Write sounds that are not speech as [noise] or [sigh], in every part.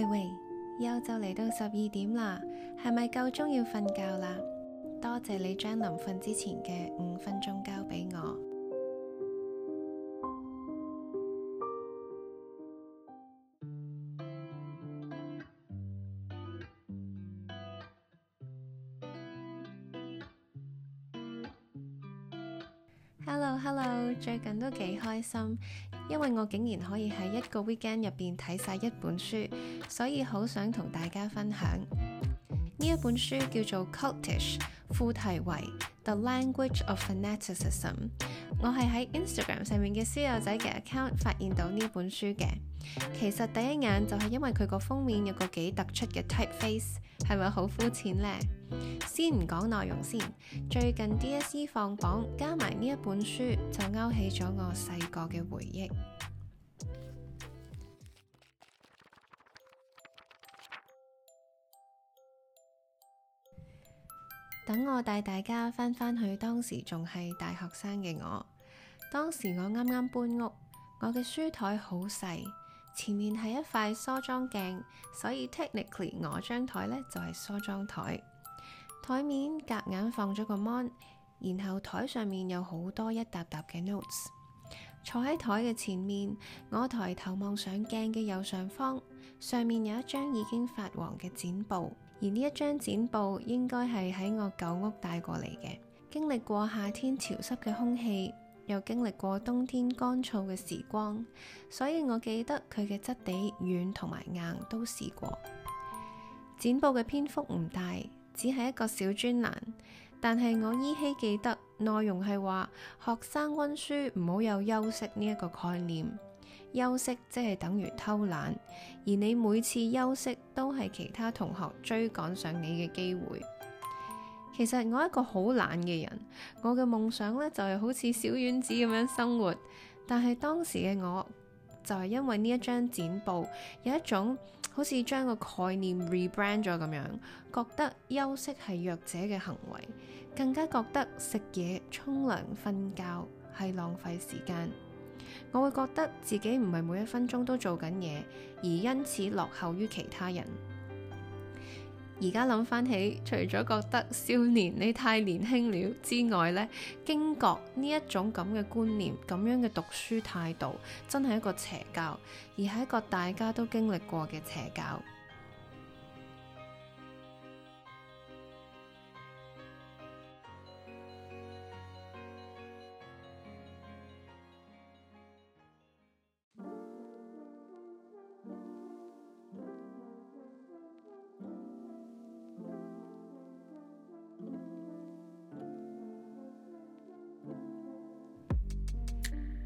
喂喂，又就嚟到十二點啦，係咪夠鐘要瞓覺啦？多謝你將臨瞓之前嘅五分鐘交俾我。最近都幾開心，因為我竟然可以喺一個 weekend 入面睇晒一本書，所以好想同大家分享。呢一本書叫做 Cultish，副題為《The Language of Fanaticism》。我係喺 Instagram 上面嘅書友仔嘅 account 發現到呢本書嘅。其實第一眼就係因為佢個封面有個幾突出嘅 typeface，係咪好膚淺呢？先唔講內容先，最近 DSE 放榜，加埋呢一本書就勾起咗我細個嘅回憶。等我帶大家翻返去當時仲係大學生嘅我，當時我啱啱搬屋，我嘅書台好細，前面係一塊梳妝鏡，所以 technically 我張台呢就係梳妝台。台面夾硬放咗個 mon，然後台上面有好多一沓沓嘅 notes。坐喺台嘅前面，我抬頭望上鏡嘅右上方，上面有一張已經發黃嘅剪報。而呢一張剪報應該係喺我舊屋帶過嚟嘅，經歷過夏天潮濕嘅空氣，又經歷過冬天乾燥嘅時光，所以我記得佢嘅質地軟同埋硬都試過。剪報嘅篇幅唔大。只係一個小專欄，但係我依稀記得內容係話，學生溫書唔好有休息呢一個概念，休息即係等於偷懶，而你每次休息都係其他同學追趕上你嘅機會。其實我一個好懶嘅人，我嘅夢想呢就係好似小丸子咁樣生活，但係當時嘅我。就係因為呢一張展布有一種好似將個概念 rebrand 咗咁樣，覺得休息係弱者嘅行為，更加覺得食嘢、沖涼、瞓覺係浪費時間。我會覺得自己唔係每一分鐘都做緊嘢，而因此落後於其他人。而家諗翻起，除咗覺得少年你太年輕了之外呢，驚覺呢一種咁嘅觀念、咁樣嘅讀書態度，真係一個邪教，而係一個大家都經歷過嘅邪教。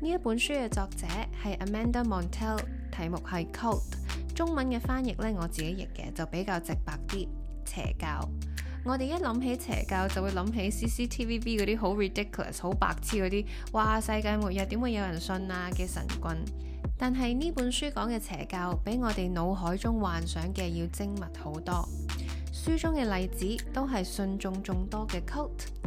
呢一本書嘅作者係 Amanda Montel，題目係 c o l t 中文嘅翻譯呢，我自己譯嘅就比較直白啲邪教。我哋一諗起邪教就會諗起 CCTV B 嗰啲好 ridiculous、好白痴嗰啲，哇世界末日點會有人信啊嘅神棍。但係呢本書講嘅邪教比我哋腦海中幻想嘅要精密好多，書中嘅例子都係信眾眾多嘅 Coat。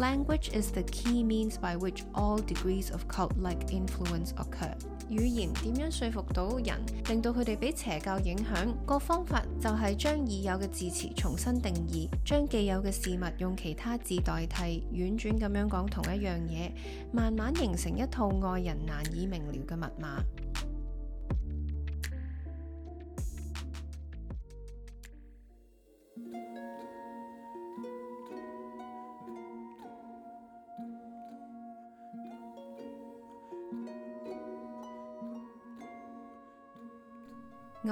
Language is the key means by which all degrees of cult-like influence occur. 語言點樣說服到人，令到佢哋俾邪教影響？個方法就係將已有嘅字詞重新定義，將既有嘅事物用其他字代替，婉轉咁樣講同一樣嘢，慢慢形成一套外人難以明瞭嘅密碼。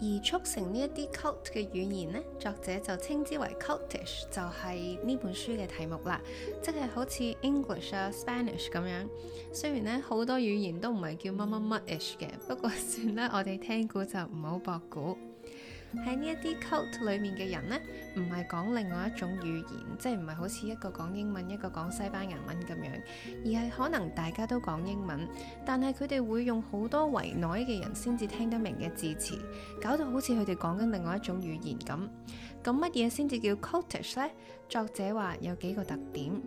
而促成呢一啲 cult 嘅語言咧，作者就稱之為 cultish，就係呢本書嘅題目啦，即係好似 English 啊、Spanish 咁樣。雖然咧好多語言都唔係叫乜乜乜 ish 嘅，不過算啦，我哋聽古就唔好駁古。喺呢一啲 cult 裏面嘅人呢，唔係講另外一種語言，即係唔係好似一個講英文，一個講西班牙文咁樣，而係可能大家都講英文，但係佢哋會用好多圍內嘅人先至聽得明嘅字詞，搞到好似佢哋講緊另外一種語言咁。咁乜嘢先至叫 cultish 咧？作者話有幾個特點，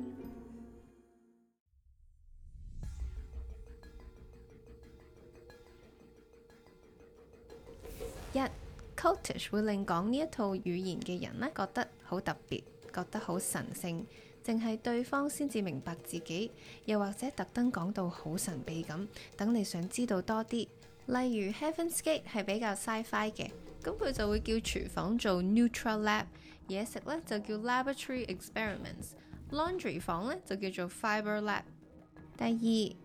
一。Totage 會令講呢一套語言嘅人咧，覺得好特別，覺得好神聖。淨係對方先至明白自己，又或者特登講到好神秘咁，等你想知道多啲。例如 Heaven's Gate 係比較 Sci-Fi 嘅，咁佢就會叫廚房做 neutral lab，嘢食呢就叫 laboratory experiments，laundry 房呢就叫做 fiber lab。第二。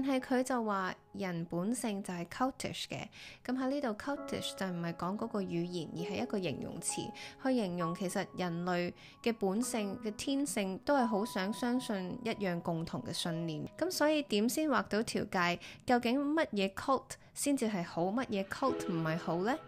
但係佢就話人本性就係 cultish 嘅，咁喺呢度 cultish 就唔係講嗰個語言，而係一個形容詞去形容其實人類嘅本性嘅天性都係好想相信一樣共同嘅信念。咁所以點先畫到條界？究竟乜嘢 cult 先至係好，乜嘢 cult 唔係好呢？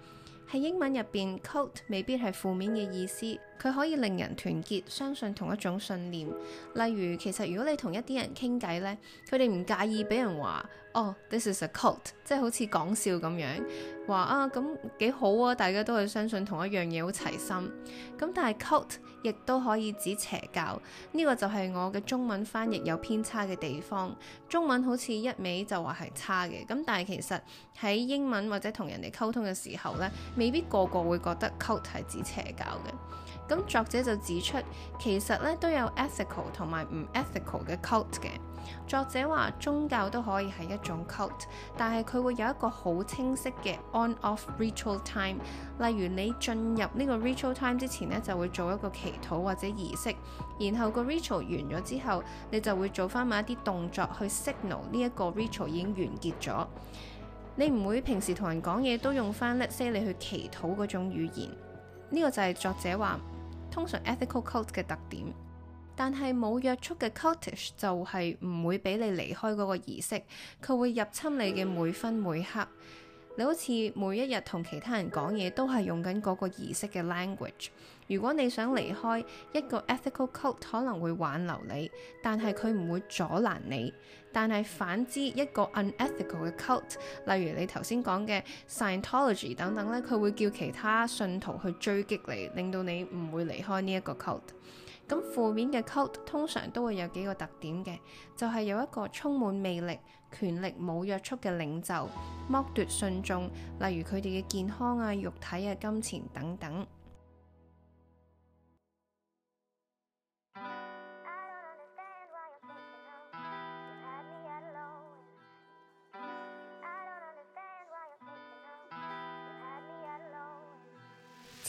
喺英文入邊，cult 未必係負面嘅意思。佢可以令人團結，相信同一種信念。例如，其實如果你同一啲人傾偈呢，佢哋唔介意俾人話哦，this is a cult，即係好似講笑咁樣話啊。咁幾好啊，大家都係相信同一樣嘢，好齊心。咁但係 cult 亦都可以指邪教，呢個就係我嘅中文翻譯有偏差嘅地方。中文好似一味就話係差嘅咁，但係其實喺英文或者同人哋溝通嘅時候呢，未必個個會覺得 cult 係指邪教嘅。咁作者就指出，其實咧都有 ethical 同埋唔 ethical 嘅 cult 嘅。作者話宗教都可以係一種 cult，但係佢會有一個好清晰嘅 on-off ritual time。例如你進入呢個 ritual time 之前呢，就會做一個祈禱或者儀式，然後個 ritual 完咗之後，你就會做翻埋一啲動作去 signal 呢一個 ritual 已經完結咗。你唔會平時同人講嘢都用翻 let’s say 你去祈禱嗰種語言。呢個就係作者話通常 ethical cult 嘅特點，但係冇約束嘅 cultish 就係唔會俾你離開嗰個儀式，佢會入侵你嘅每分每刻。你好似每一日同其他人講嘢都係用緊嗰個儀式嘅 language。如果你想離開一個 ethical cult，可能會挽留你，但係佢唔會阻攔你。但係反之，一個 unethical 嘅 cult，例如你頭先講嘅 Scientology 等等咧，佢會叫其他信徒去追擊你，令到你唔會離開呢一個 cult。咁負面嘅 cult 通常都會有幾個特點嘅，就係、是、有一個充滿魅力、權力冇約束嘅領袖，剝奪信眾，例如佢哋嘅健康啊、肉體啊、金錢等等。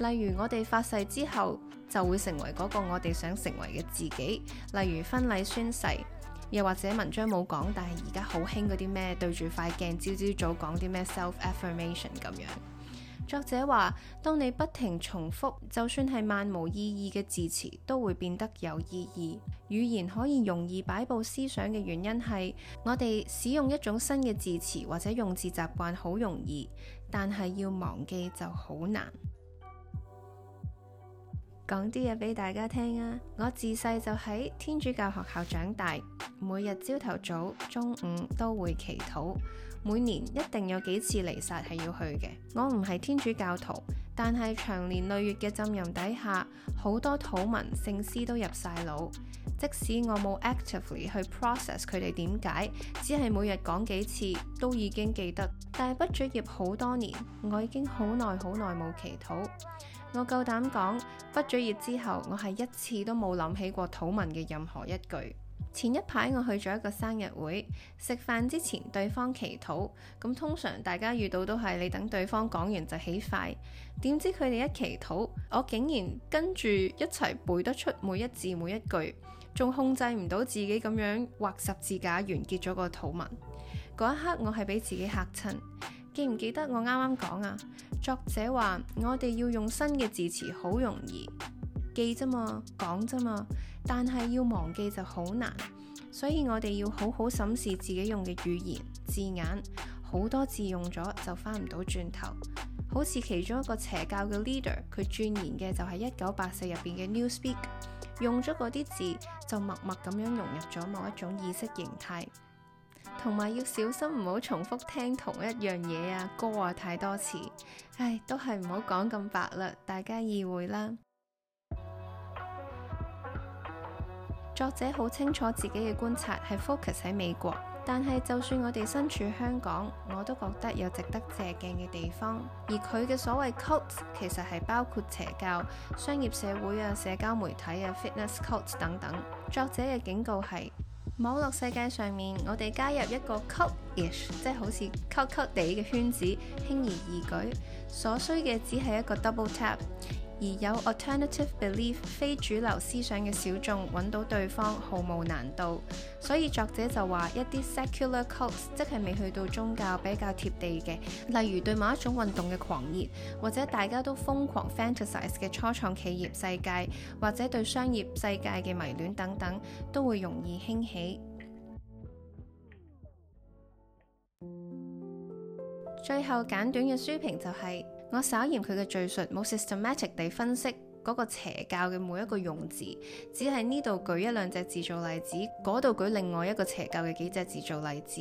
例如我哋發誓之後就會成為嗰個我哋想成為嘅自己。例如婚禮宣誓，又或者文章冇講，但係而家好興嗰啲咩對住塊鏡，朝朝早講啲咩 self affirmation 咁樣。作者話：當你不停重複，就算係漫無意義嘅字詞，都會變得有意義。語言可以容易擺布思想嘅原因係，我哋使用一種新嘅字詞或者用字習慣好容易，但係要忘記就好難。講啲嘢俾大家聽啊！我自細就喺天主教學校長大，每日朝頭早、中午都會祈禱，每年一定有幾次彌撒係要去嘅。我唔係天主教徒，但係長年累月嘅浸淫底下，好多禱文、聖詩都入晒腦。即使我冇 actively 去 process 佢哋點解，只係每日講幾次，都已經記得。但係畢咗業好多年，我已經好耐好耐冇祈禱。我夠膽講，畢咗業之後，我係一次都冇諗起過禱文嘅任何一句。前一排我去咗一個生日會，食飯之前對方祈禱，咁通常大家遇到都係你等對方講完就起筷。點知佢哋一祈禱，我竟然跟住一齊背得出每一字每一句，仲控制唔到自己咁樣畫十字架完結咗個禱文。嗰一刻我係俾自己吓親，記唔記得我啱啱講啊？作者話：我哋要用新嘅字詞好容易記啫嘛，講啫嘛，但係要忘記就好難。所以我哋要好好審視自己用嘅語言字眼，好多字用咗就返唔到轉頭。好似其中一個邪教嘅 leader，佢鑽研嘅就係一九八四入邊嘅 new speak，用咗嗰啲字就默默咁樣融入咗某一種意識形態。同埋要小心，唔好重複聽同一樣嘢啊，歌啊太多次，唉，都係唔好講咁白啦，大家意會啦。 [music] 作者好清楚自己嘅觀察係 focus 喺美國，但係就算我哋身處香港，我都覺得有值得借鏡嘅地方。而佢嘅所謂 cult 其實係包括邪教、商業社會啊、社交媒體啊、fitness cult 等等。作者嘅警告係。網絡世界上面，我哋加入一個 cultish，即係好似 cult cult 地嘅圈子，輕而易舉，所需嘅只係一個 double tap。而有 alternative belief 非主流思想嘅小眾揾到對方毫無難度，所以作者就話一啲 secular cults 即係未去到宗教比較貼地嘅，例如對某一種運動嘅狂熱，或者大家都瘋狂 fantasize 嘅初創企業世界，或者對商業世界嘅迷戀等等，都會容易興起。最後簡短嘅書評就係，是。我稍嫌佢嘅敘述冇 systematic 地分析嗰個邪教嘅每一個用字，只係呢度舉一兩隻字做例子，嗰度舉另外一個邪教嘅幾隻字做例子，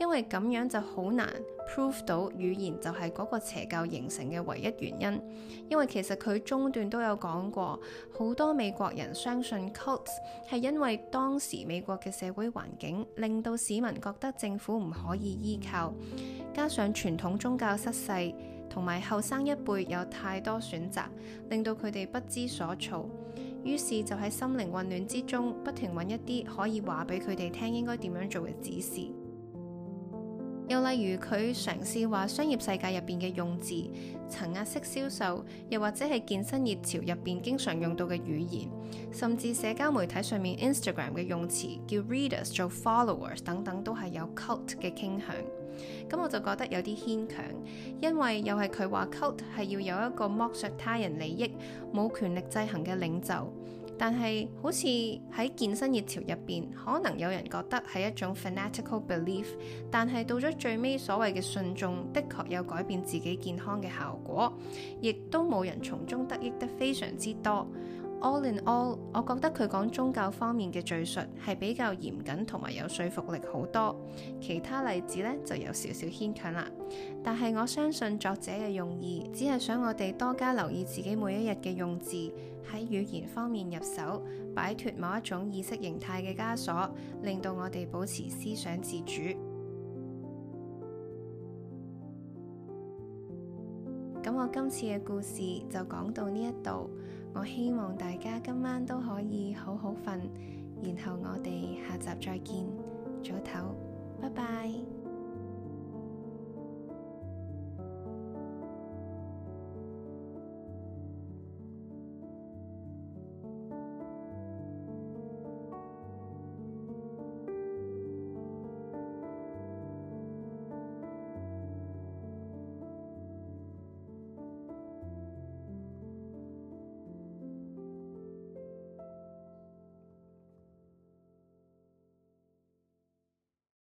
因為咁樣就好難 prove 到語言就係嗰個邪教形成嘅唯一原因。因為其實佢中段都有講過，好多美國人相信 cults 係因為當時美國嘅社會環境令到市民覺得政府唔可以依靠，加上傳統宗教失勢。同埋後生一輩有太多選擇，令到佢哋不知所措，於是就喺心靈混亂之中，不停揾一啲可以話俾佢哋聽應該點樣做嘅指示。又例如佢嘗試話商業世界入邊嘅用字，層壓式銷售，又或者係健身熱潮入邊經常用到嘅語言，甚至社交媒體上面 Instagram 嘅用詞叫 readers 做 followers 等等，都係有 cult 嘅傾向。咁我就覺得有啲牽強，因為又係佢話 cult 係要有一個剝削他人利益、冇權力制衡嘅領袖，但係好似喺健身熱潮入邊，可能有人覺得係一種 fanatical belief，但係到咗最尾所謂嘅信眾的確有改變自己健康嘅效果，亦都冇人從中得益得非常之多。All in all，我覺得佢講宗教方面嘅敘述係比較嚴謹同埋有說服力好多。其他例子呢，就有少少牽強啦。但係我相信作者嘅用意，只係想我哋多加留意自己每一日嘅用字，喺語言方面入手，擺脱某一種意識形態嘅枷鎖，令到我哋保持思想自主。咁我今次嘅故事就講到呢一度。我希望大家今晚都可以好好瞓，然後我哋下集再見，早唞，拜拜。